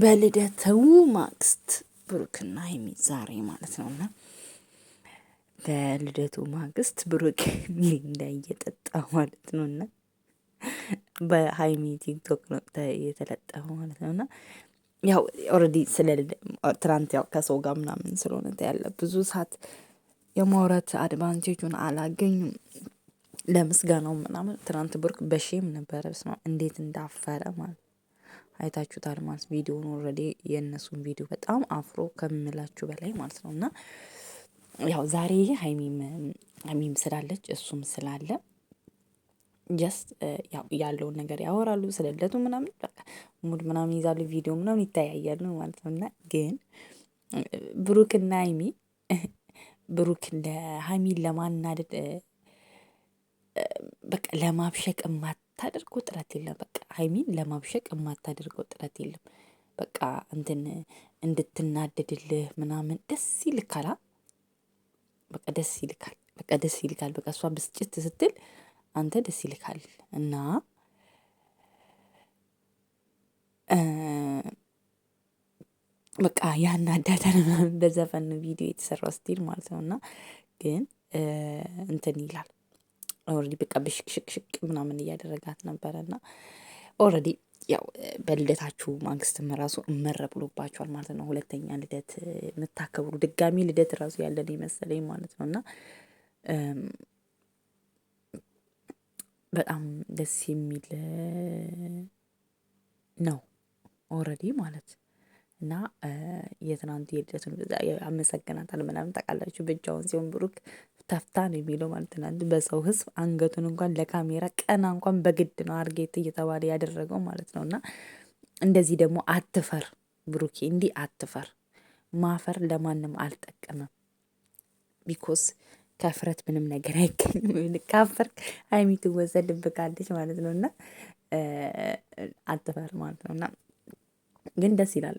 በልደተው ማግስት ብሩክና ሀይሚ ዛሬ ማለት ነው እና በልደቱ ማግስት ብሩክ ሚሪንዳ እየጠጣ ማለት ነው እና በሀይሚ ቲክቶክ ነው የተለጠፈ ማለት ነው እና ያው ኦልሬዲ ስለ ትናንት ያው ከሰው ጋር ምናምን ስለሆነ ያለ ብዙ ሰዓት የማውራት አድቫንቴጁን አላገኙም ለምስጋናው ምናምን ትናንት ብሩክ በሼም ነበረ። ስማ እንዴት እንዳፈረ ማለት አይታችሁታል ማለት ቪዲዮውን ኦልሬዲ የእነሱን ቪዲዮ በጣም አፍሮ ከምላችሁ በላይ ማለት ነው። እና ያው ዛሬ ሀይሚም ሀይሚም ስላለች እሱም ስላለ ጀስት ያለውን ነገር ያወራሉ፣ ስለለቱ ምናምን በቃ ሙድ ምናምን ይዛሉ፣ ቪዲዮ ምናምን ይተያያሉ ማለት ነው። እና ግን ብሩክና ሀይሚ ብሩክ ሀይሚን ለማናደድ በቃ ለማብሸቅ የማታደርገው ጥረት የለም። በቃ ሀይሚን ለማብሸቅ የማታደርገው ጥረት የለም። በቃ እንትን እንድትናደድልህ ምናምን ደስ ይልካላ። በቃ ደስ ይልካል። በቃ ደስ ይልካል። በቃ እሷ ብስጭት ስትል አንተ ደስ ይልካል እና በቃ ያን በዘፈን ቪዲዮ የተሰራው ስቲል ማለት ነው እና ግን እንትን ይላል ኦልሬዲ በቃ ብሽቅሽቅሽቅ ምናምን እያደረጋት ነበረ እና ኦልሬዲ ያው በልደታችሁ ማንግስትም ራሱ እመረ ብሎባችኋል ማለት ነው። ሁለተኛ ልደት የምታከብሩ ድጋሚ ልደት ራሱ ያለን የመሰለኝ ማለት ነው እና በጣም ደስ የሚል ነው ኦልሬዲ ማለት እና የትናንቱ የልደቱን አመሰግናታል ምናምን ታውቃላችሁ። ብቻውን ሲሆን ብሩክ ተፍታ ነው የሚለው ማለት ነው። በሰው ህዝብ አንገቱን እንኳን ለካሜራ ቀና እንኳን በግድ ነው አርጌት እየተባለ ያደረገው ማለት ነው። እና እንደዚህ ደግሞ አትፈር ብሩኬ፣ እንዲህ አትፈር። ማፈር ለማንም አልጠቀምም ቢኮስ ከፍረት ምንም ነገር አይገኝም። ካፈርክ ሀይሚ ትወሰድብካለች ማለት ነው። እና አትፈር ማለት ነው። እና ግን ደስ ይላል።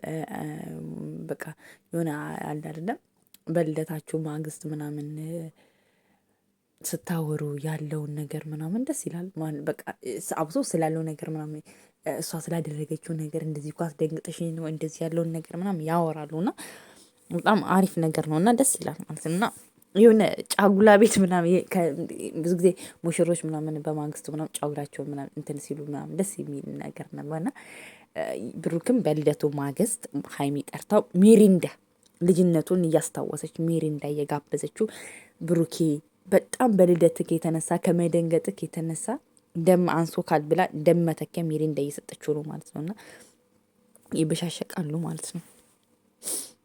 በቃ የሆነ አለ አይደለም በልደታችሁ ማግስት ምናምን ስታወሩ ያለውን ነገር ምናምን ደስ ይላል። በቃ አብሶ ስላለው ነገር ምናምን እሷ ስላደረገችው ነገር እንደዚህ እኮ አስደንግጠሽ ነው እንደዚህ ያለውን ነገር ምናምን ያወራሉ እና በጣም አሪፍ ነገር ነው እና ደስ ይላል ማለት ነው እና የሆነ ጫጉላ ቤት ምናምን ብዙ ጊዜ ሙሽሮች ምናምን በማግስቱ ምናምን ጫጉላቸው ምናምን እንትን ሲሉ ምናምን ደስ የሚል ነገር ነበር እና ብሩክም በልደቱ ማግስት ሀይሚ ጠርታው ሚሪንዳ ልጅነቱን እያስታወሰች ሚሪንዳ እየጋበዘችው ብሩኬ በጣም በልደትክ የተነሳ ከመደንገጥክ የተነሳ ደም አንሶካል ብላ ደም መተኪያ ሚሪንዳ እየሰጠችው ነው ማለት ነው። እና ይበሻሸቃሉ ማለት ነው።